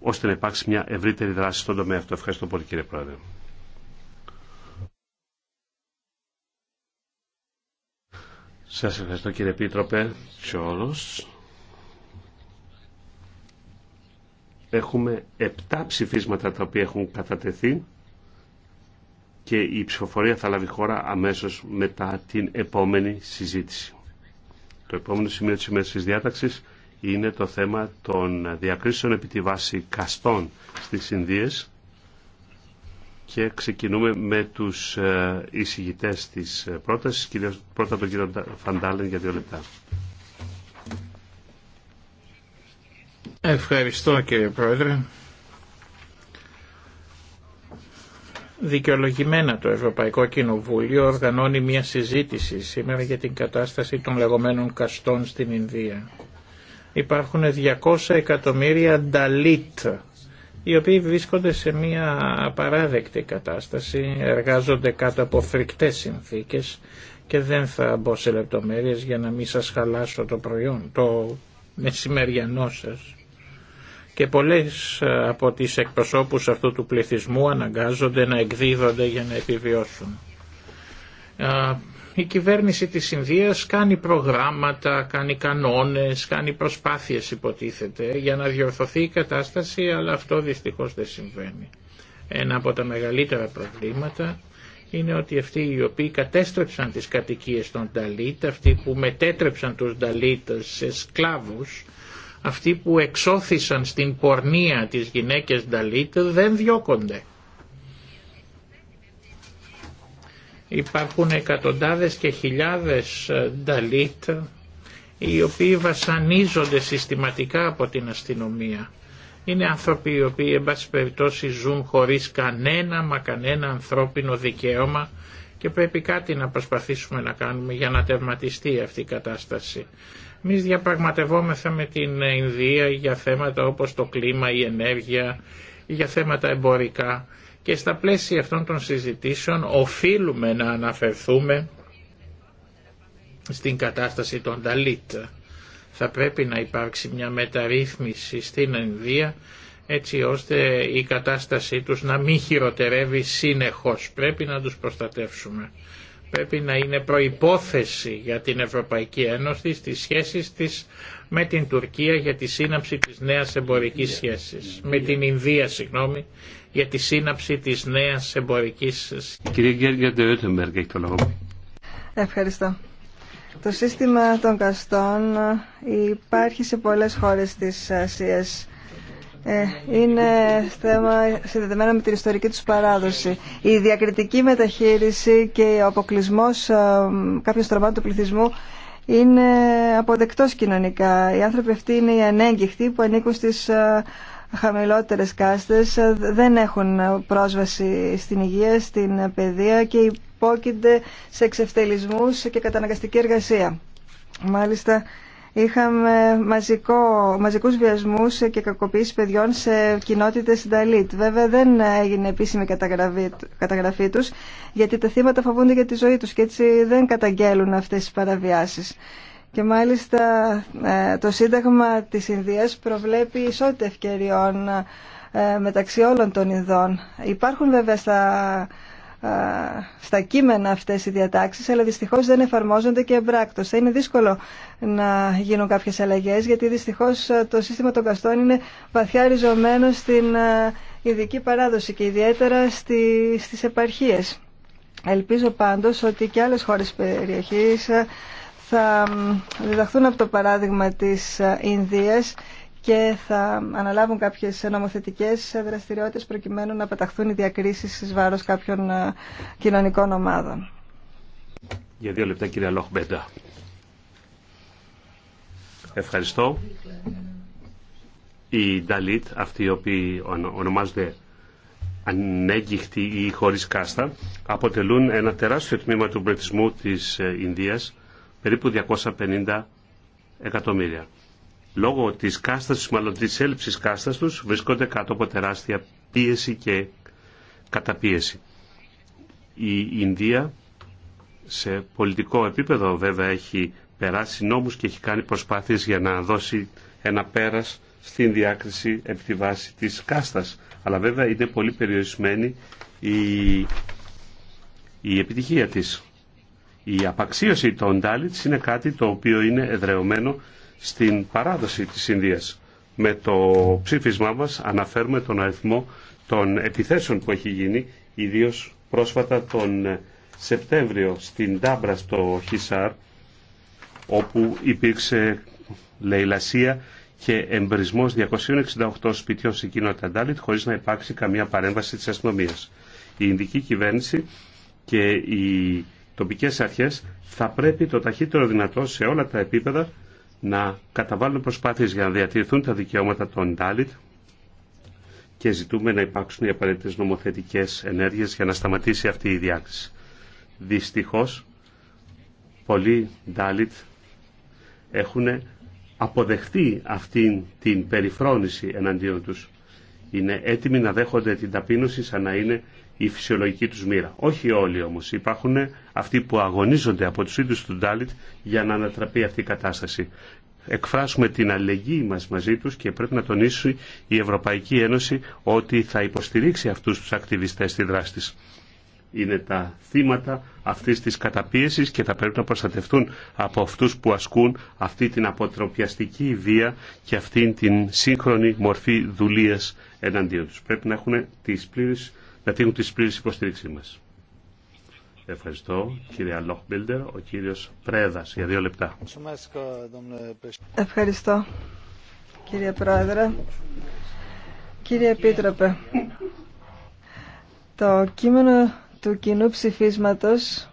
ώστε να υπάρξει μια ευρύτερη δράση στον τομέα αυτό. Ευχαριστώ πολύ κύριε Πρόεδρε. Σας ευχαριστώ κύριε Πίτροπε και όλους. Έχουμε 7 ψηφίσματα τα οποία έχουν κατατεθεί και η ψηφοφορία θα λάβει χώρα αμέσως μετά την επόμενη συζήτηση. Το επόμενο σημείο της ημέρας της διάταξης είναι το θέμα των διακρίσεων επί τη βάση καστών στις Ινδίες και ξεκινούμε με τους ε, εισηγητές της ε, πρότασης, κυρίως πρώτα τον κύριο Φαντάλεν για δύο λεπτά. Ευχαριστώ κύριε Πρόεδρε. Δικαιολογημένα το Ευρωπαϊκό Κοινοβούλιο οργανώνει μια συζήτηση σήμερα για την κατάσταση των λεγόμενων καστών στην Ινδία υπάρχουν 200 εκατομμύρια νταλίτ οι οποίοι βρίσκονται σε μια απαράδεκτη κατάσταση, εργάζονται κάτω από φρικτές συνθήκες και δεν θα μπω σε λεπτομέρειες για να μην σας χαλάσω το προϊόν, το μεσημεριανό σας. Και πολλές ε, από τις εκπροσώπους αυτού του πληθυσμού αναγκάζονται να εκδίδονται για να επιβιώσουν. Η κυβέρνηση της Ινδίας κάνει προγράμματα, κάνει κανόνες, κάνει προσπάθειες υποτίθεται για να διορθωθεί η κατάσταση, αλλά αυτό δυστυχώς δεν συμβαίνει. Ένα από τα μεγαλύτερα προβλήματα είναι ότι αυτοί οι οποίοι κατέστρεψαν τις κατοικίες των Νταλίτ, αυτοί που μετέτρεψαν τους Νταλίτ σε σκλάβους, αυτοί που εξώθησαν στην πορνεία τις γυναίκες Νταλίτ δεν διώκονται. Υπάρχουν εκατοντάδες και χιλιάδες ε, νταλίτ οι οποίοι βασανίζονται συστηματικά από την αστυνομία. Είναι άνθρωποι οι οποίοι εν πάση περιπτώσει ζουν χωρίς κανένα μα κανένα ανθρώπινο δικαίωμα και πρέπει κάτι να προσπαθήσουμε να κάνουμε για να τερματιστεί αυτή η κατάσταση. Εμεί διαπραγματευόμεθα με την Ινδία για θέματα όπως το κλίμα, η ενέργεια, για θέματα εμπορικά και στα πλαίσια αυτών των συζητήσεων οφείλουμε να αναφερθούμε στην κατάσταση των Ταλίτ. Θα πρέπει να υπάρξει μια μεταρρύθμιση στην Ινδία έτσι ώστε η κατάστασή τους να μην χειροτερεύει συνεχώς. Πρέπει να τους προστατεύσουμε. Πρέπει να είναι προϋπόθεση για την Ευρωπαϊκή Ένωση στις σχέσεις της με την Τουρκία για τη σύναψη της νέας εμπορικής σχέσης. Με την Ινδία, συγγνώμη, για τη σύναψη της νέας εμπορικής σχέσης. Κύριε Γκέργια έχει το λόγο. Ευχαριστώ. Το σύστημα των καστών υπάρχει σε πολλές χώρες της Ασίας. Ε, είναι θέμα συνδεδεμένο με την ιστορική τους παράδοση. Η διακριτική μεταχείριση και ο αποκλεισμός ε, κάποιων στρωμάτων του πληθυσμού είναι αποδεκτός κοινωνικά. Οι άνθρωποι αυτοί είναι οι ανέγκυχτοι που ανήκουν στις ε, χαμηλότερες κάστες, ε, δεν έχουν πρόσβαση στην υγεία, στην παιδεία και υπόκεινται σε εξευτελισμούς και καταναγκαστική εργασία. Μάλιστα Είχαμε μαζικό, μαζικούς βιασμούς και κακοποίηση παιδιών σε κοινότητες Νταλίτ. Βέβαια δεν έγινε επίσημη καταγραφή, καταγραφή τους, γιατί τα θύματα φοβούνται για τη ζωή τους και έτσι δεν καταγγέλουν αυτές τις παραβιάσεις. Και μάλιστα ε, το Σύνταγμα της Ινδίας προβλέπει ισότητα ευκαιριών ε, μεταξύ όλων των Ινδών. Υπάρχουν βέβαια στα ε, στα κείμενα αυτές οι διατάξεις, αλλά δυστυχώς δεν εφαρμόζονται και εμπράκτως. Θα είναι δύσκολο να γίνουν κάποιες αλλαγές, γιατί δυστυχώς ε, το σύστημα των καστών είναι βαθιά ριζωμένο στην ε, ειδική παράδοση και ιδιαίτερα στις επαρχίες. Ελπίζω πάντως ότι και άλλες χώρες περιοχή θα διδαχθούν από το παράδειγμα της Ινδίας και θα αναλάβουν κάποιες νομοθετικές δραστηριότητες προκειμένου να πεταχθούν οι διακρίσεις εις βάρος κάποιων ε, κοινωνικών ομάδων. Για δύο λεπτά κυρία Λοχμπέντα. Ευχαριστώ. Οι Νταλίτ, αυτοί οι οποίοι ονομάζονται ανέγκυχτοι ή χωρίς κάστα, αποτελούν ένα τεράστιο τμήμα του πληθυσμού της ε, Ινδίας, περίπου 250 εκατομμύρια λόγω της κάστας μάλλον της έλλειψης κάστας τους, βρίσκονται κάτω από τεράστια πίεση και καταπίεση. Η Ινδία σε πολιτικό επίπεδο βέβαια έχει περάσει νόμους και έχει κάνει προσπάθειες για να δώσει ένα πέρας στην διάκριση επί τη βάση της κάστας. Αλλά βέβαια είναι πολύ περιορισμένη η, η επιτυχία της. Η απαξίωση των Ντάλιτς είναι κάτι το οποίο είναι εδρεωμένο στην παράδοση της Ινδίας. Με το ψήφισμά μας αναφέρουμε τον αριθμό των επιθέσεων που έχει γίνει, ιδίως πρόσφατα τον ε, Σεπτέμβριο στην Τάμπρα στο Χισάρ, όπου υπήρξε λαιλασία και εμπρισμός 268 σπιτιών σε κοινότητα ταντάλιτ χωρίς να υπάρξει καμία παρέμβαση της αστυνομίας. Η Ινδική κυβέρνηση και οι τοπικές αρχές θα πρέπει το ταχύτερο δυνατό σε όλα τα επίπεδα να καταβάλουν προσπάθειες για να διατηρηθούν τα δικαιώματα των Ντάλιτ και ζητούμε να υπάρξουν οι απαραίτητες νομοθετικές ενέργειες για να σταματήσει αυτή η διάκριση. Δυστυχώς, πολλοί Ντάλιτ έχουν αποδεχτεί αυτήν την περιφρόνηση εναντίον τους. Είναι έτοιμοι να δέχονται την ταπείνωση σαν να είναι η φυσιολογική τους μοίρα. Όχι όλοι όμως. Υπάρχουν αυτοί που αγωνίζονται από τους ίδιους του Ντάλιτ για να ανατραπεί αυτή η κατάσταση. Εκφράσουμε την αλληλεγγύη μας μαζί τους και πρέπει να τονίσει η Ευρωπαϊκή Ένωση ότι θα υποστηρίξει αυτούς τους ακτιβιστές στη δράση της. Είναι τα θύματα αυτής της καταπίεσης και θα πρέπει να προστατευτούν από αυτούς που ασκούν αυτή την αποτροπιαστική βία και αυτή την σύγχρονη μορφή δουλείας εναντίον τους. Πρέπει να έχουν τις πλήρες να δίνουν τη πλήρη υποστήριξή μα. Ευχαριστώ, κύριε Λόχμπιλντερ. Ο κύριο Πρέδα, για δύο λεπτά. Ευχαριστώ, κύριε Πρόεδρε. Κύριε Επίτροπε, το κείμενο του κοινού ψηφίσματος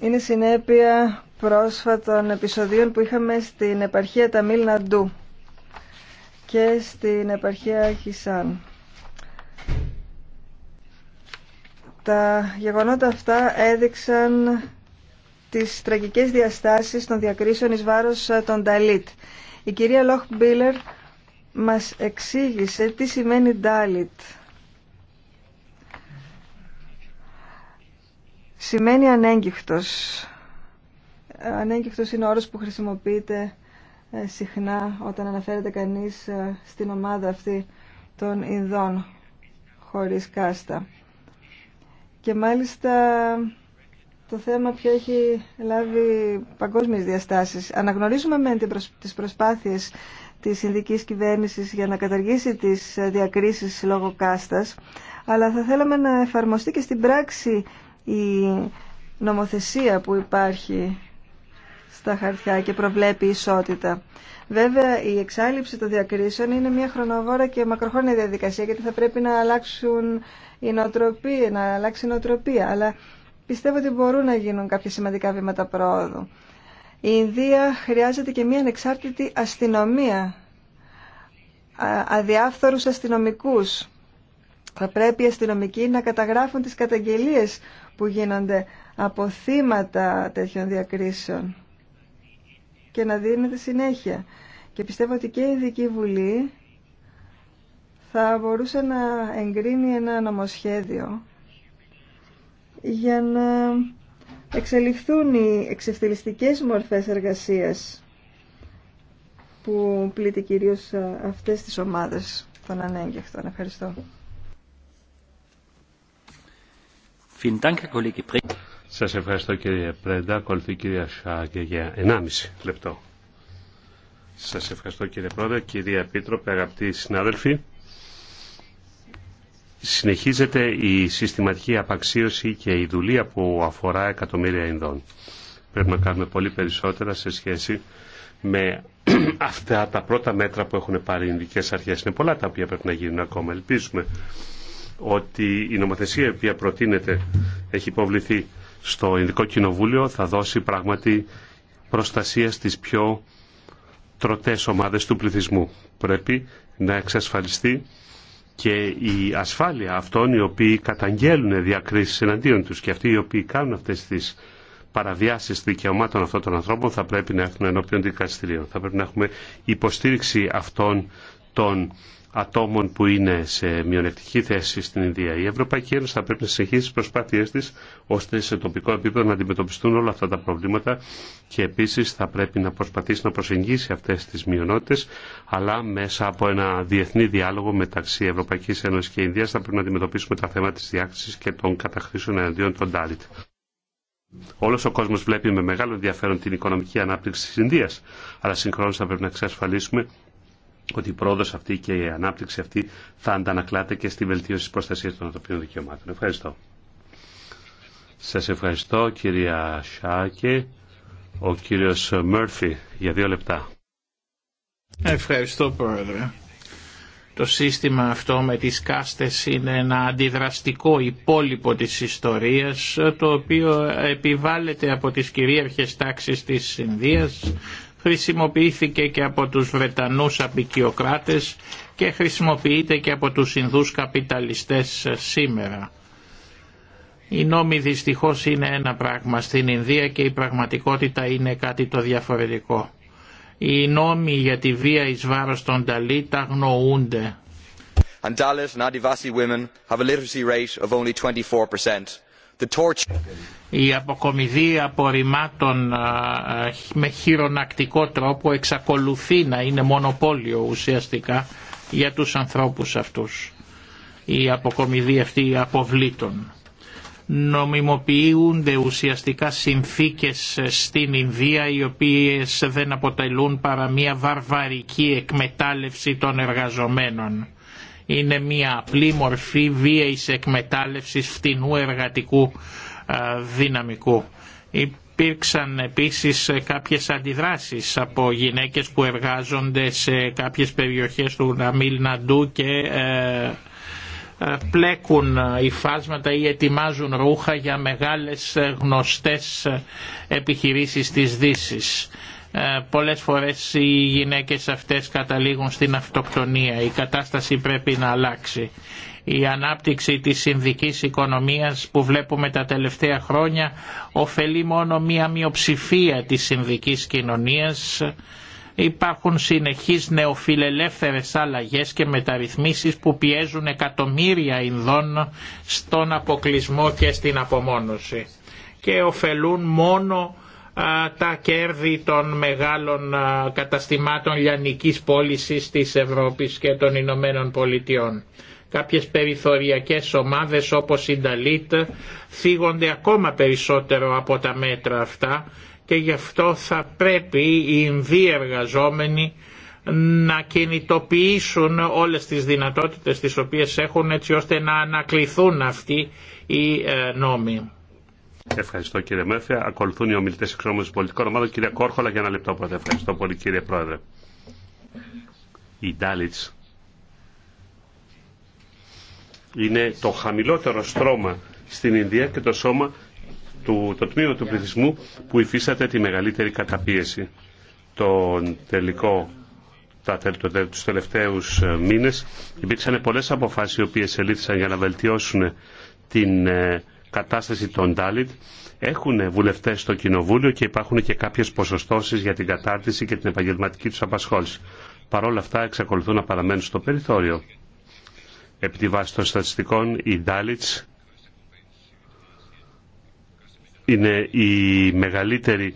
είναι συνέπεια πρόσφατων επεισοδίων που είχαμε στην επαρχία Ταμίλ Ναντού και στην επαρχία Χισάν. Τα γεγονότα αυτά έδειξαν τις τραγικές διαστάσεις των διακρίσεων εις βάρος ε, των Dalit. Η κυρία Λόχ Μπίλερ μας εξήγησε τι σημαίνει Dalit. Σημαίνει ανέγκυχτος. Ε, ανέγκυχτος είναι ο όρος που χρησιμοποιείται ε, συχνά όταν αναφέρεται κανείς στην ομάδα αυτή των Ινδών χωρίς κάστα. Και μάλιστα το θέμα πια έχει λάβει παγκόσμιες διαστάσεις. Αναγνωρίζουμε με τις προσπάθειες της Ινδικής Κυβέρνησης για να καταργήσει τις διακρίσεις λόγω κάστας, αλλά θα θέλαμε να εφαρμοστεί και στην πράξη η νομοθεσία που υπάρχει στα χαρτιά και προβλέπει ισότητα. Βέβαια, η εξάλληψη των διακρίσεων είναι μια χρονοβόρα και μακροχρόνια διαδικασία, γιατί θα πρέπει να αλλάξουν η να αλλάξει η νοοτροπία. Αλλά πιστεύω ότι μπορούν να γίνουν κάποια σημαντικά βήματα πρόοδου. Η Ινδία χρειάζεται και μια ανεξάρτητη αστυνομία, αδιάφθορους αστυνομικούς. Θα πρέπει οι αστυνομικοί να καταγράφουν τις καταγγελίες που γίνονται από θύματα τέτοιων διακρίσεων και να δίνεται συνέχεια. Και πιστεύω ότι και η Ειδική Βουλή θα μπορούσε να εγκρίνει ένα νομοσχέδιο για να εξελιχθούν οι εξευθυλιστικές μορφές εργασίας που πλήττει κυρίως αυτές τις ομάδες των ανέγκευτων. Ευχαριστώ. Σας ευχαριστώ κύριε Πρέντα. Ακολουθεί η κυρία Σάγκε για 1,5 λεπτό. Σας ευχαριστώ κύριε Πρόεδρε, κυρία Επίτροπε, αγαπητοί συνάδελφοι. Συνεχίζεται η συστηματική απαξίωση και η δουλεία που αφορά εκατομμύρια Ινδών. Πρέπει να κάνουμε πολύ περισσότερα σε σχέση με αυτά τα πρώτα μέτρα που έχουν πάρει οι Ινδικέ αρχές. Είναι πολλά τα οποία πρέπει να γίνουν ακόμα. Ελπίζουμε ότι η νομοθεσία η οποία προτείνεται έχει υποβληθεί στο Ινδικό Κοινοβούλιο θα δώσει πράγματι προστασία στις πιο τροτές ομάδες του πληθυσμού. Πρέπει να εξασφαλιστεί και η ασφάλεια αυτών οι οποίοι καταγγέλουν διακρίσεις εναντίον τους και αυτοί οι οποίοι κάνουν αυτές τις παραβιάσεις δικαιωμάτων αυτών των ανθρώπων θα πρέπει να έρθουν ενώπιον δικαστηρίων. Θα πρέπει να έχουμε υποστήριξη αυτών των ατόμων που είναι σε μειονεκτική θέση στην Ινδία. Η Ευρωπαϊκή Ένωση θα πρέπει να συνεχίσει τι προσπάθειέ τη ώστε σε τοπικό επίπεδο να αντιμετωπιστούν όλα αυτά τα προβλήματα και επίση θα πρέπει να προσπαθήσει να προσεγγίσει αυτέ τι μειονότητε, αλλά μέσα από ένα διεθνή διάλογο μεταξύ Ευρωπαϊκή Ένωση και Ινδία θα πρέπει να αντιμετωπίσουμε τα θέματα τη διάκριση και των καταχρήσεων εναντίον των Ντάλιτ. Όλο ο κόσμο βλέπει με μεγάλο ενδιαφέρον την οικονομική ανάπτυξη τη Ινδία, αλλά συγχρόνω θα πρέπει να εξασφαλίσουμε ότι η πρόοδο αυτή και η ανάπτυξη αυτή θα αντανακλάται και στη βελτίωση τη προστασία των ανθρωπίνων δικαιωμάτων. Ευχαριστώ. Σα ευχαριστώ κυρία Σάκη. Ο κύριος Μέρφυ για δύο λεπτά. Ευχαριστώ πρόεδρε. Το σύστημα αυτό με τις κάστες είναι ένα αντιδραστικό υπόλοιπο της ιστορίας το οποίο επιβάλλεται από τις κυρίαρχες τάξεις της Ινδίας χρησιμοποιήθηκε και από τους Βρετανούς απικιοκράτες και χρησιμοποιείται και από τους Ινδούς καπιταλιστές σήμερα. Οι νόμοι δυστυχώς είναι ένα πράγμα στην Ινδία και η πραγματικότητα είναι κάτι το διαφορετικό. Οι νόμοι για τη βία εις βάρος των Νταλή τα γνωρούνται. Η αποκομιδή απορριμμάτων με χειρονακτικό τρόπο εξακολουθεί να είναι μονοπόλιο ουσιαστικά για τους ανθρώπους αυτούς. Η αποκομιδή αυτή αποβλήτων. Νομιμοποιούνται ουσιαστικά συνθήκες στην Ινδία οι οποίες δεν αποτελούν παρά μια βαρβαρική εκμετάλλευση των εργαζομένων είναι μια απλή μορφή βίαιης εκμετάλλευσης φτηνού εργατικού ε, δυναμικού. Υπήρξαν επίσης κάποιες αντιδράσεις από γυναίκες που εργάζονται σε κάποιες περιοχές του Ναμίλ Ναντού και ε, ε, πλέκουν υφάσματα ή ετοιμάζουν ρούχα για μεγάλες γνωστές επιχειρήσεις της δύση. Ε, πολλές φορές οι γυναίκες αυτές καταλήγουν στην αυτοκτονία. Η κατάσταση πρέπει να αλλάξει. Η ανάπτυξη της συνδικής οικονομίας που βλέπουμε τα τελευταία χρόνια ωφελεί μόνο μία μειοψηφία της συνδικής κοινωνίας. Υπάρχουν συνεχείς νεοφιλελεύθερες αλλαγές και μεταρρυθμίσεις που πιέζουν εκατομμύρια Ινδών στον αποκλεισμό και στην απομόνωση και ωφελούν μόνο τα κέρδη των μεγάλων καταστημάτων λιανικής πώλησης της Ευρώπης και των Ηνωμένων Πολιτειών. Κάποιες περιθωριακές ομάδες όπως η Νταλίτ θίγονται ακόμα περισσότερο από τα μέτρα αυτά και γι' αυτό θα πρέπει οι Ινδοί να κινητοποιήσουν όλες τις δυνατότητες τις οποίες έχουν έτσι ώστε να ανακληθούν αυτοί οι ε, νόμοι. Ευχαριστώ κύριε Μέρφια. Ακολουθούν οι ομιλητέ εξόμενων πολιτικών ομάδων. Κύριε Κόρχολα, για ένα λεπτό πρώτα. Ευχαριστώ πολύ κύριε Πρόεδρε. Η Ντάλιτ είναι το χαμηλότερο στρώμα στην Ινδία και το σώμα του, το τμήμα του πληθυσμού που υφίσταται τη μεγαλύτερη καταπίεση. Τον τελικό, τα, τους τελευταίους ε, μήνες υπήρξαν πολλές αποφάσεις οι οποίες ελήφθησαν για να βελτιώσουν την ε, κατάσταση των τάλιτ έχουν βουλευτέ στο Κοινοβούλιο και υπάρχουν και κάποιε ποσοστώσει για την κατάρτιση και την επαγγελματική του απασχόληση. Παρ' όλα αυτά εξακολουθούν να παραμένουν στο περιθώριο. Επί τη βάση των στατιστικών, οι Ντάλιτ είναι η μεγαλύτερη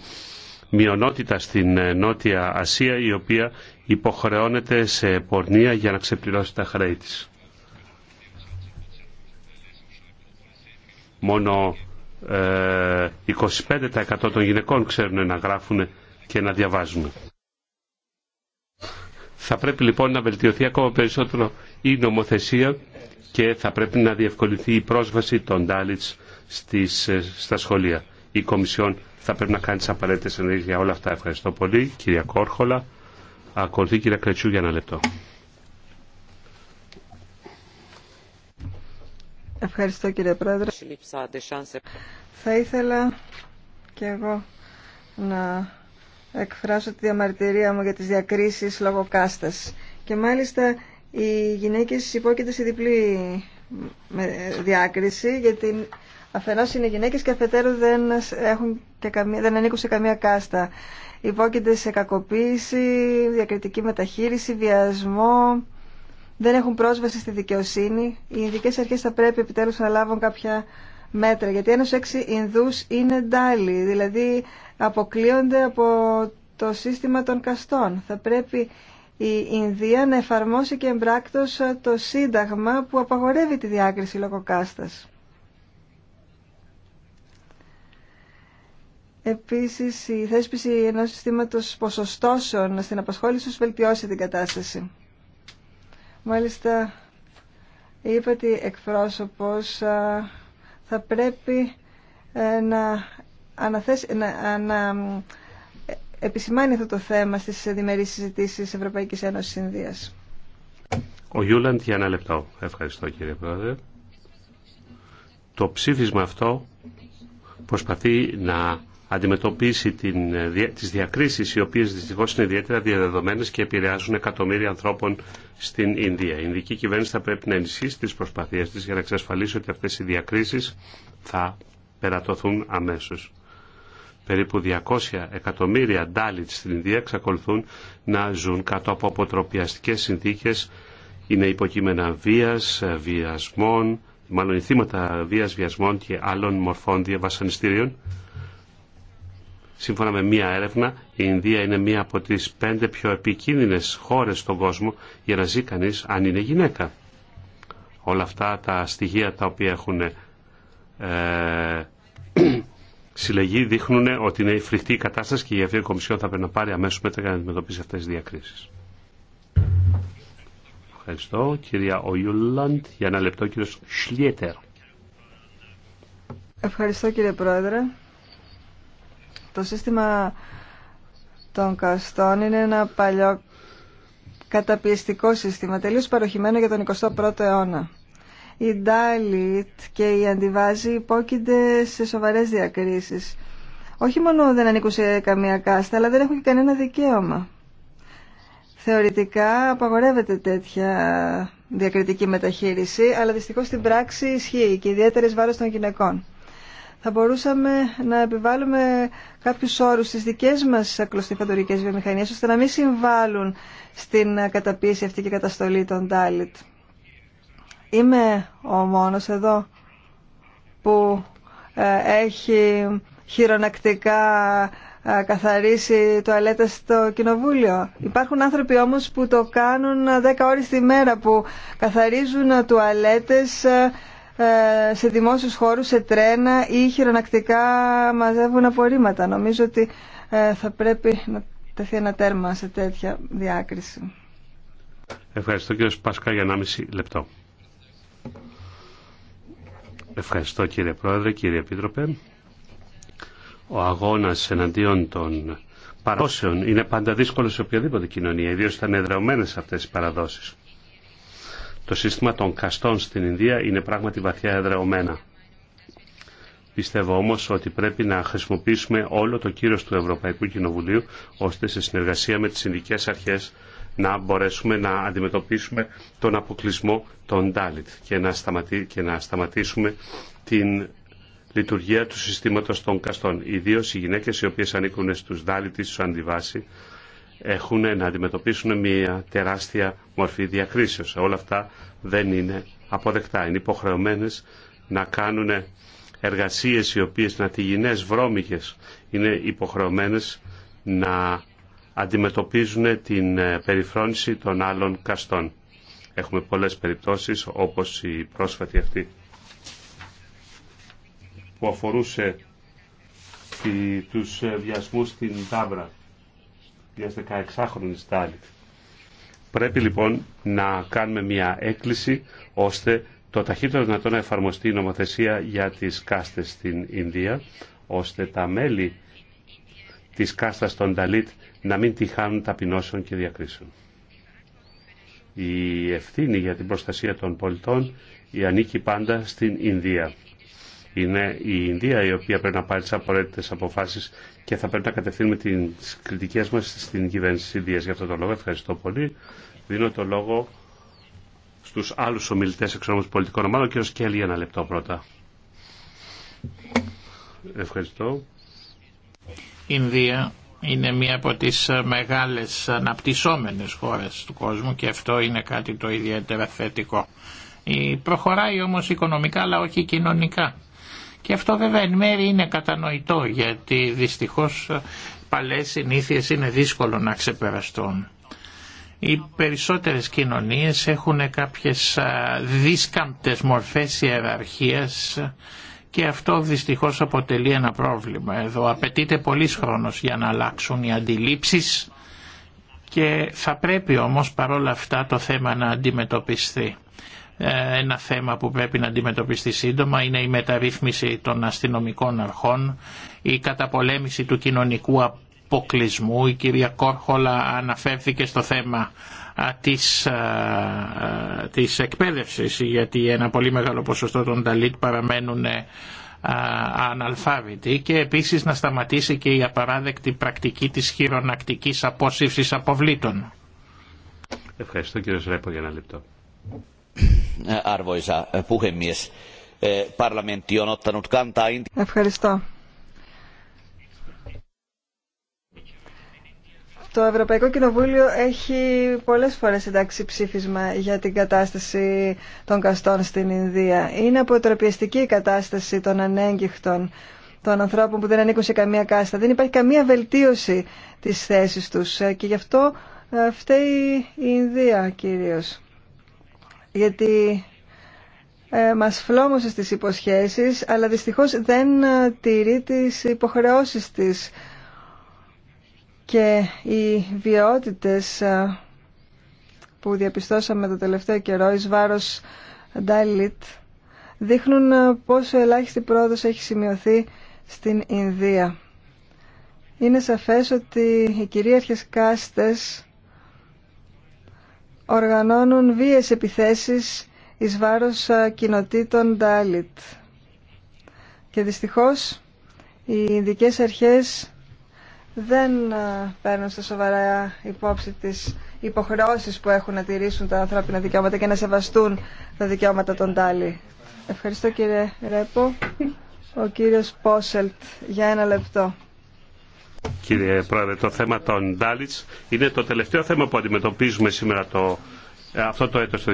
μειονότητα στην ε, Νότια Ασία η οποία υποχρεώνεται σε πορνεία για να ξεπληρώσει τα χρέη της. μόνο 25% ε, των γυναικών ξέρουν να γράφουν και να διαβάζουν. Θα πρέπει λοιπόν να βελτιωθεί ακόμα περισσότερο η νομοθεσία και θα πρέπει να διευκολυνθεί η πρόσβαση των Ντάλιτς στις, ε, στα σχολεία. Η Κομισιόν θα πρέπει να κάνει τι απαραίτητε ενέργειε για όλα αυτά. Ευχαριστώ πολύ, κυρία Κόρχολα. Ακολουθεί κυρία Κρετσού για ένα λεπτό. Ευχαριστώ κύριε Πρόεδρε. Θα ήθελα και εγώ να εκφράσω τη διαμαρτυρία μου για τις διακρίσεις λόγω κάστας. Και μάλιστα οι γυναίκες υπόκειται σε διπλή ε, διάκριση γιατί αφενός είναι γυναίκες και αφετέρου δεν, έχουν και καμία, δεν ανήκουν σε καμία κάστα. Υπόκειται σε κακοποίηση, διακριτική μεταχείριση, βιασμό, δεν έχουν πρόσβαση στη δικαιοσύνη, οι ειδικέ αρχέ θα πρέπει επιτέλου να λάβουν κάποια μέτρα. Γιατί ένα στου έξι Ινδού είναι ντάλι, δηλαδή αποκλείονται από το σύστημα των καστών. Θα πρέπει η Ινδία να εφαρμόσει και εμπράκτο το σύνταγμα που απαγορεύει τη διάκριση λόγω κάστας. Επίσης, η θέσπιση ενός συστήματος ποσοστώσεων στην απασχόληση τους βελτιώσει την κατάσταση. Μάλιστα, είπα ότι εκπρόσωπος θα πρέπει ε, να, αναθέσει, να, να επισημάνει αυτό το θέμα στις διμερείς συζητήσεις Ευρωπαϊκής Ένωσης Ινδίας. Ο Γιούλαντ για ένα λεπτό. Ευχαριστώ κύριε Πρόεδρε. Το ψήφισμα αυτό προσπαθεί να αντιμετωπίσει την, ε, τις διακρίσεις οι οποίες δυστυχώς είναι ιδιαίτερα διαδεδομένες και επηρεάζουν εκατομμύρια ανθρώπων στην Ινδία. Η Ινδική κυβέρνηση θα πρέπει να ενισχύσει τις προσπαθίες της για να εξασφαλίσει ότι αυτές οι διακρίσεις θα περατωθούν αμέσως. Περίπου 200 εκατομμύρια ντάλιτ στην Ινδία εξακολουθούν να ζουν κάτω από αποτροπιαστικές συνθήκες. Είναι υποκείμενα βίας, βιασμών, μάλλον οι θύματα βίας, βιασμών και άλλων μορφών διαβασανιστήριων Σύμφωνα με μία έρευνα, η Ινδία είναι μία από τις πέντε πιο επικίνδυνες χώρες στον κόσμο για να ζει κανείς αν είναι γυναίκα. Όλα αυτά τα στοιχεία τα οποία έχουν ε, συλλεγεί δείχνουν ότι είναι φρικτή η κατάσταση και η Ευρωπαϊκή Κομισιόν θα πρέπει να πάρει αμέσως μέτρα για να αντιμετωπίσει αυτέ τις διακρίσει. Ευχαριστώ. Κυρία για ένα λεπτό, Σλιέτερ. Ευχαριστώ κύριε Πρόεδρε. Το σύστημα των καστών είναι ένα παλιό καταπιεστικό σύστημα, τελείως παροχημένο για τον 21ο αιώνα. Οι Ντάλιτ και οι Αντιβάζοι υπόκεινται σε σοβαρές διακρίσεις. Όχι μόνο δεν ανήκουν σε καμία κάστα, αλλά δεν έχουν και κανένα δικαίωμα. Θεωρητικά απαγορεύεται τέτοια διακριτική μεταχείριση, αλλά δυστυχώς στην πράξη ισχύει και ιδιαίτερες βάρος των γυναικών θα μπορούσαμε να επιβάλλουμε κάποιους όρους στις δικές μας κλωστιφαντορικές βιομηχανίες ώστε να μην συμβάλλουν στην καταπίεση αυτή και καταστολή των τάλιτ. Είμαι ο μόνος εδώ που ε, έχει χειρονακτικά ε, καθαρίσει τουαλέτα στο κοινοβούλιο. Υπάρχουν άνθρωποι όμως που το κάνουν 10 ε, ώρες τη μέρα που καθαρίζουν τουαλέτες ε, σε δημόσιους χώρους, σε τρένα ή χειρονακτικά μαζεύουν απορρίμματα. Νομίζω ότι ε, θα πρέπει να τεθεί ένα τέρμα σε τέτοια διάκριση. Ευχαριστώ κύριε Πάσκα για 1,5 λεπτό. Ευχαριστώ κύριε Πρόεδρε, κύριε Επίτροπε. Ο αγώνας εναντίον των παραδόσεων είναι πάντα δύσκολο σε οποιαδήποτε κοινωνία, ιδίως όταν σε αυτές οι παραδόσεις το σύστημα των καστών στην Ινδία είναι πράγματι βαθιά εδρεωμένα. Πιστεύω όμως ότι πρέπει να χρησιμοποιήσουμε όλο το κύρος του Ευρωπαϊκού Κοινοβουλίου ώστε σε συνεργασία με τις Ινδικές αρχές να μπορέσουμε να αντιμετωπίσουμε τον αποκλεισμό των Dalit και να, και να σταματήσουμε την λειτουργία του συστήματος των καστών. Ιδίως οι γυναίκες οι οποίες ανήκουν στους Dalit ή στους αντιβάσει έχουν να αντιμετωπίσουν μια τεράστια μορφή διακρίσεως. Όλα αυτά δεν είναι αποδεκτά. Είναι υποχρεωμένες να κάνουν εργασίες οι οποίες να τηγινές βρώμικες είναι υποχρεωμένες να αντιμετωπίζουν την ε, περιφρόνηση των άλλων καστών. Έχουμε πολλές περιπτώσεις όπως η πρόσφατη αυτή που αφορούσε τους ε, βιασμούς στην Τάβρα μια 16 χρονη Πρέπει λοιπόν να κάνουμε μια έκκληση ώστε το ταχύτερο δυνατό να εφαρμοστεί η νομοθεσία για τις κάστες στην Ινδία, ώστε τα μέλη της κάστας των Ταλίτ να μην τυχάνουν χάνουν ταπεινώσεων και διακρίσεων. Η ευθύνη για την προστασία των πολιτών ανήκει πάντα στην Ινδία είναι η Ινδία η οποία πρέπει να πάρει τι απαραίτητε αποφάσει και θα πρέπει να κατευθύνουμε τι κριτικέ μα στην κυβέρνηση τη Ινδία. Γι' αυτό το λόγο ευχαριστώ πολύ. Δίνω το λόγο στου άλλου ομιλητέ εξ πολιτικών ομάδων. Κύριο Κέλλη, ένα λεπτό πρώτα. Ευχαριστώ. Η Ινδία είναι μία από τις μεγάλες αναπτυσσόμενες χώρες του κόσμου και αυτό είναι κάτι το ιδιαίτερα θετικό. Προχωράει όμως οικονομικά αλλά όχι κοινωνικά. Και αυτό βέβαια εν μέρει είναι κατανοητό γιατί δυστυχώς παλές συνήθειες είναι δύσκολο να ξεπεραστούν. Οι περισσότερες κοινωνίες έχουν κάποιες δίσκαμπτες μορφές ιεραρχίας και αυτό δυστυχώς αποτελεί ένα πρόβλημα. Εδώ απαιτείται πολλής χρόνος για να αλλάξουν οι αντιλήψεις και θα πρέπει όμως παρόλα αυτά το θέμα να αντιμετωπιστεί. Ε, ένα θέμα που πρέπει να αντιμετωπιστεί σύντομα είναι η μεταρρύθμιση των αστυνομικών αρχών, η καταπολέμηση του κοινωνικού αποκλεισμού. Η κυρία Κόρχολα αναφέρθηκε στο θέμα της, της εκπαίδευσης γιατί ένα πολύ μεγάλο ποσοστό των Ταλίτ παραμένουν ε, αναλφάβητοι και επίσης να σταματήσει και η απαράδεκτη πρακτική της χειρονακτικής απόσυρσης αποβλήτων. Ευχαριστώ κύριε Σρέπο για ένα λεπτό. Ευχαριστώ. Το Ευρωπαϊκό Κοινοβούλιο έχει πολλές φορές εντάξει ψήφισμα για την κατάσταση των καστών στην Ινδία. Είναι αποτροπιαστική η κατάσταση των ανέγκυχτων, των ανθρώπων που δεν ανήκουν σε καμία κάστα. Δεν υπάρχει καμία βελτίωση της θέσης τους ε, και γι' αυτό ε, φταίει η Ινδία κυρίως γιατί ε, μας φλόμωσε στις υποσχέσεις, αλλά δυστυχώς δεν ε, τηρεί τις υποχρεώσεις της. Και οι βιαιότητες ε, που διαπιστώσαμε το τελευταίο καιρό εις βάρος Dalit δείχνουν ε, πόσο ελάχιστη πρόοδος έχει σημειωθεί στην Ινδία. Είναι σαφές ότι οι κυρίαρχες κάστες οργανώνουν βίες επιθέσεις εις βάρος κοινοτήτων Ντάλιτ. Και δυστυχώς οι ειδικές αρχές δεν παίρνουν στα σοβαρά υπόψη τις υποχρεώσεις που έχουν να τηρήσουν τα ανθρώπινα δικαιώματα και να σεβαστούν τα δικαιώματα των Τάλι. Ευχαριστώ κύριε Ρέπο. Ο κύριος Πόσελτ για ένα λεπτό. Κύριε Πρόεδρε, το θέμα των Ντάλιτς είναι το τελευταίο θέμα που αντιμετωπίζουμε σήμερα το, ε, αυτό το έτος, το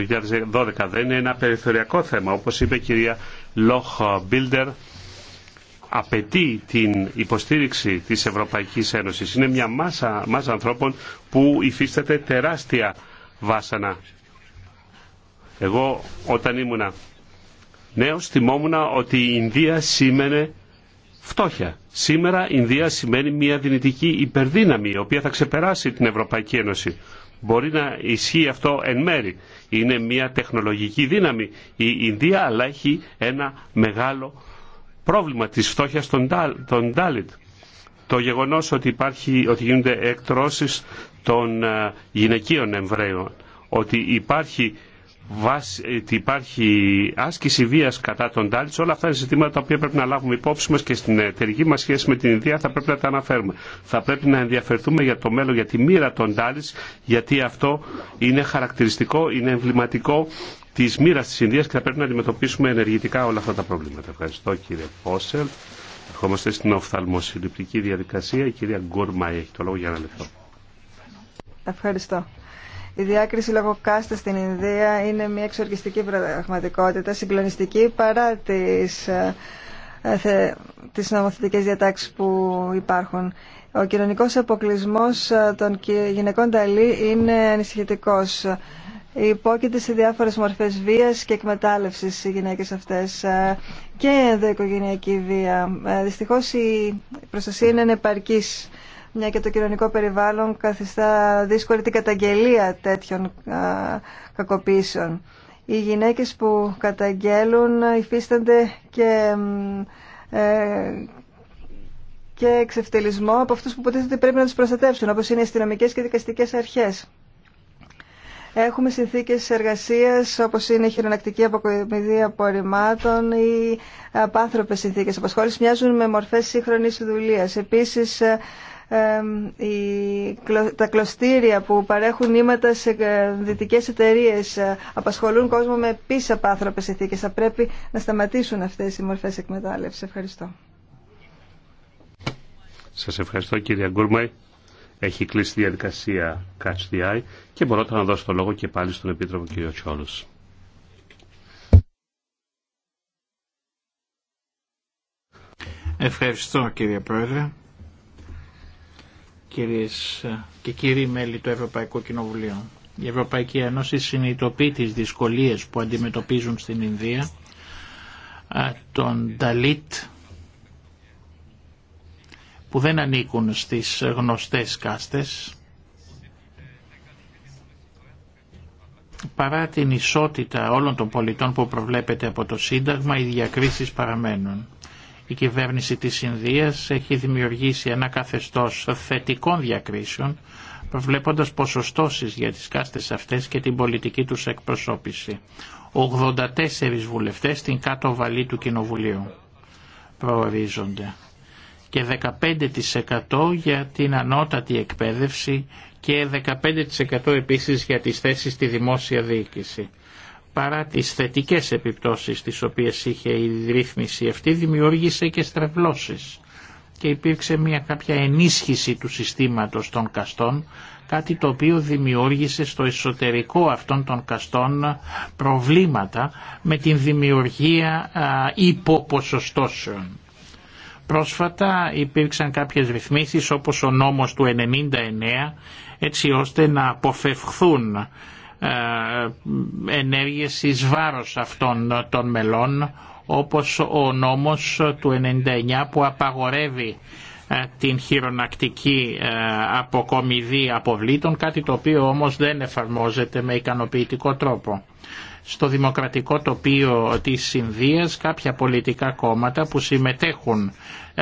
2012. Δεν είναι ένα περιθωριακό θέμα. Όπως είπε η κυρία Λόχ Μπίλντερ, απαιτεί την υποστήριξη της Ευρωπαϊκής Ένωσης. Είναι μια μάσα, μάσα ανθρώπων που υφίσταται τεράστια βάσανα. Εγώ όταν ήμουνα νέος θυμόμουν ότι η Ινδία σήμαινε φτώχεια. Σήμερα η Ινδία σημαίνει μια δυνητική υπερδύναμη η οποία θα ξεπεράσει την Ευρωπαϊκή Ένωση. Μπορεί να ισχύει αυτό εν μέρη. Είναι μια τεχνολογική δύναμη η Ινδία αλλά έχει ένα μεγάλο πρόβλημα της φτώχειας των Ντάλιτ. Το γεγονός ότι, υπάρχει, ότι γίνονται εκτρώσεις των ε, γυναικείων εμβραίων, ότι υπάρχει υπάρχει άσκηση βίας κατά τον Τάλιτ, όλα αυτά είναι ζητήματα τα οποία πρέπει να λάβουμε υπόψη μας και στην εταιρική μας σχέση με την Ινδία θα πρέπει να τα αναφέρουμε. Θα πρέπει να ενδιαφερθούμε για το μέλλον, για τη μοίρα των Τάλιτ, γιατί αυτό είναι χαρακτηριστικό, είναι εμβληματικό τη μοίρα τη Ινδία και θα πρέπει να αντιμετωπίσουμε ενεργητικά όλα αυτά τα προβλήματα. Ευχαριστώ κύριε Πόσελ. Ερχόμαστε στην οφθαλμοσυλληπτική διαδικασία. Η κυρία Γκούρμα έχει το λόγο για ένα λεπτό. Ευχαριστώ. Η διάκριση λόγω κάστα στην Ινδία είναι μια εξοργιστική πραγματικότητα, συγκλονιστική παρά τις, ε, θε, τις νομοθετικές διατάξεις που υπάρχουν. Ο κοινωνικός αποκλεισμός ε, των γυναικών Ταλή είναι ανησυχητικός. Υπόκειται σε διάφορες μορφές βίας και εκμετάλλευσης οι γυναίκες αυτές ε, και ενδοοικογενειακή βία. Δυστυχώς η προστασία είναι ανεπαρκής μια και το κοινωνικό περιβάλλον καθιστά δύσκολη την καταγγελία τέτοιων κακοποίησεων. Οι γυναίκες που καταγγέλουν υφίστανται και, ε, και εξευτελισμό από αυτούς που ποτέ πρέπει να τους προστατεύσουν, όπως είναι οι αστυνομικέ και δικαστικές αρχές. Έχουμε συνθήκες εργασίας όπως είναι η χειρονακτική αποκομιδή απορριμμάτων ή απάνθρωπες συνθήκες απασχόλησης μοιάζουν με μορφές σύγχρονης δουλείας. Επίσης τα κλωστήρια που παρέχουν νήματα σε ε, δυτικές εταιρείε ε, απασχολούν κόσμο με από απάνθρωπες ηθίκες. Θα πρέπει να σταματήσουν αυτές οι μορφές εκμετάλλευσης. Ευχαριστώ. Σας ευχαριστώ κύριε Γκούρμαϊ. Έχει κλείσει τη διαδικασία Catch the Eye και μπορώ να δώσω το λόγο και πάλι στον Επίτροπο κύριο Τσόλους. Ευχαριστώ κύριε Πρόεδρε κυρίες και κύριοι μέλη του Ευρωπαϊκού Κοινοβουλίου. Η Ευρωπαϊκή Ένωση συνειδητοποιεί τις δυσκολίες που αντιμετωπίζουν στην Ινδία τον Νταλίτ που δεν ανήκουν στις γνωστές κάστες παρά την ισότητα όλων των πολιτών που προβλέπεται από το Σύνταγμα οι διακρίσεις παραμένουν η κυβέρνηση της Ινδίας έχει δημιουργήσει ένα καθεστώς θετικών διακρίσεων βλέποντας ποσοστώσεις για τις κάστες αυτές και την πολιτική τους εκπροσώπηση. 84 βουλευτές στην κάτω βαλή του Κοινοβουλίου προορίζονται και 15% για την ανώτατη εκπαίδευση και 15% επίσης για τις θέσεις στη δημόσια διοίκηση παρά τις θετικές επιπτώσεις τις οποίες είχε η ρύθμιση αυτή δημιούργησε και στρεβλώσεις και υπήρξε μια κάποια ενίσχυση του συστήματος των καστών κάτι το οποίο δημιούργησε στο εσωτερικό αυτών των καστών προβλήματα με την δημιουργία υποποσοστώσεων. Πρόσφατα υπήρξαν κάποιες ρυθμίσεις όπως ο νόμος του 99 έτσι ώστε να αποφευχθούν ε, ενέργειες εις βάρος αυτών των μελών όπως ο νόμος του 99 που απαγορεύει ε, την χειρονακτική ε, αποκομιδή αποβλήτων, κάτι το οποίο όμως δεν εφαρμόζεται με ικανοποιητικό τρόπο. Στο δημοκρατικό τοπίο της Ινδίας κάποια πολιτικά κόμματα που συμμετέχουν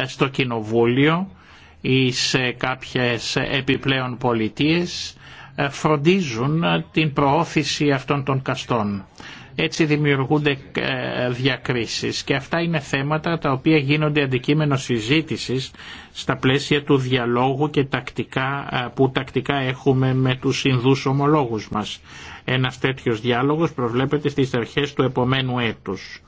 στο κοινοβούλιο ή σε κάποιες επιπλέον πολιτείες φροντίζουν την προώθηση αυτών των καστών. Έτσι δημιουργούνται ε, διακρίσεις και αυτά είναι θέματα τα οποία γίνονται αντικείμενο συζήτησης στα πλαίσια του διαλόγου και τακτικά, ε, που τακτικά έχουμε με τους Ινδούς ομολόγους μας. Ένας τέτοιος διάλογος προβλέπεται στις αρχές του επομένου έτους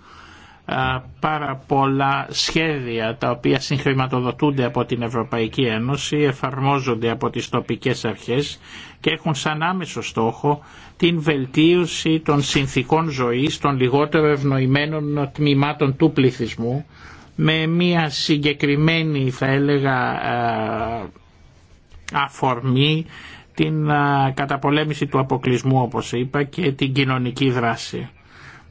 πάρα πολλά σχέδια τα οποία συγχρηματοδοτούνται από την Ευρωπαϊκή Ένωση, εφαρμόζονται από τις τοπικές αρχές και έχουν σαν άμεσο στόχο την βελτίωση των συνθήκων ζωής των λιγότερο ευνοημένων τμήματων του πληθυσμού με μια συγκεκριμένη θα έλεγα αφορμή την καταπολέμηση του αποκλεισμού όπως είπα και την κοινωνική δράση.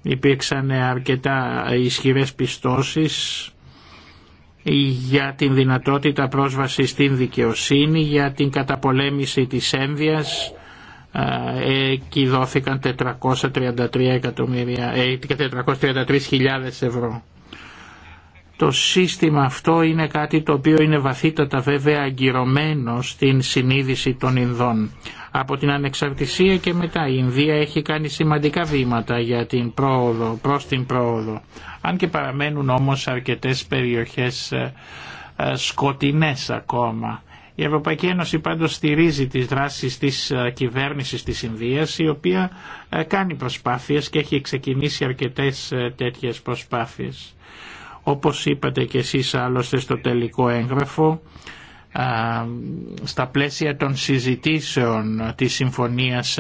Υπήρξαν αρκετά ισχυρές πιστώσεις για την δυνατότητα πρόσβαση στην δικαιοσύνη, για την καταπολέμηση της ένδυας. Εκεί δόθηκαν 433.000 εκατομμύρια, ε, ευρώ. Το σύστημα αυτό είναι κάτι το οποίο είναι βαθύτατα βέβαια αγκυρωμένο στην συνείδηση των Ινδών. Από την ανεξαρτησία και μετά η Ινδία έχει κάνει σημαντικά βήματα για την πρόοδο, προς την πρόοδο. Αν και παραμένουν όμως αρκετές περιοχές ε, ε, σκοτεινές ακόμα. Η Ευρωπαϊκή Ένωση πάντως στηρίζει τις δράσεις της ε, κυβέρνησης της Ινδίας η οποία κάνει προσπάθειες και έχει ξεκινήσει αρκετές τέτοιες προσπάθειες. Όπως είπατε και εσείς άλλωστε στο τελικό έγγραφο, στα πλαίσια των συζητήσεων της Συμφωνίας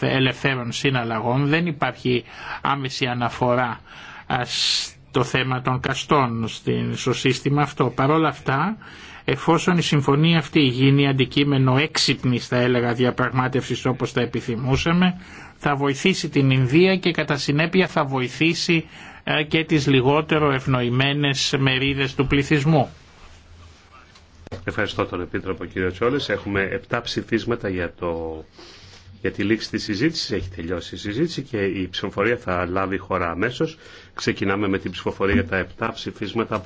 Ελευθέρων Συναλλαγών δεν υπάρχει άμεση αναφορά στο θέμα των καστών στο σύστημα αυτό. Παρ' όλα αυτά, εφόσον η συμφωνία αυτή γίνει αντικείμενο έξυπνη θα έλεγα διαπραγμάτευσης όπως τα επιθυμούσαμε, θα βοηθήσει την Ινδία και κατά συνέπεια θα βοηθήσει και τις λιγότερο ευνοημένες μερίδες του πληθυσμού. Ευχαριστώ τον Επίτροπο κύριο Τσόλες. Έχουμε 7 ψηφίσματα για, το... για τη λήξη τη συζήτηση. Έχει τελειώσει η συζήτηση και η ψηφοφορία θα λάβει χώρα αμέσως. Ξεκινάμε με την ψηφοφορία για τα 7 ψηφίσματα που